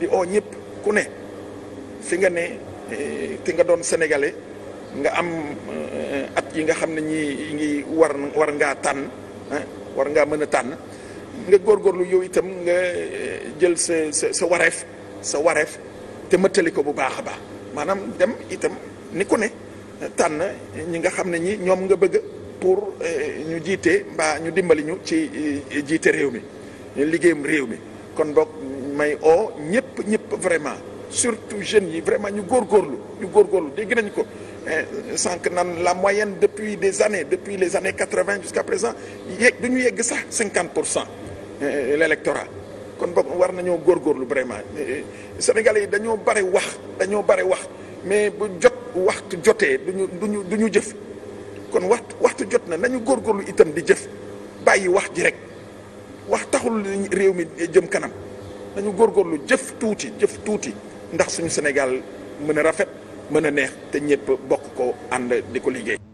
di oo ñëpp ku ne fi nga ne te eh, nga doon sénégalais nga am eh, at yi nga xam ne ñi ngi war war ngaa tànn ah, war ngaa mën a tànn nga góorgóorlu yow itam nga eh, jël sa sa sa wareef sa wareef te mëttali ko bu baax a baax maanaam dem itam ni ku ne tànn ñi nga xam ne ñi ñoom nga bëgg pour ñu jiite mbaa ñu dimbali ñu ci jiite réew mi liggéeyam réew mi kon boog may o ñëpp ñëpp vraiment surtout jeunes yi vraiment ñu góor góorgóorlu ñu góorgóorlu dégg nañ ko eh, sànq nan la moyenne depuis des années depuis les années quatre-vingt jusqu'à présent yegg du ñu yegg sax cinquante pour cent eh, l'électorat kon boog war nañoo góorgóorlu vraiment eh, Sénégalais yi dañoo bare wax dañoo bare wax mais bu jot waxtu jotee duñu duñu du ñu jëf kon waxtu waxtu jot na nañu góorlu itam di jëf bàyyi wax ji rek wax taxul réew mi jëm kanam dañu góor góorlu jëf tuuti jëf tuuti ndax suñu Sénégal mën a rafet mën a neex te ñëpp bokk ko ànd di ko liggéey.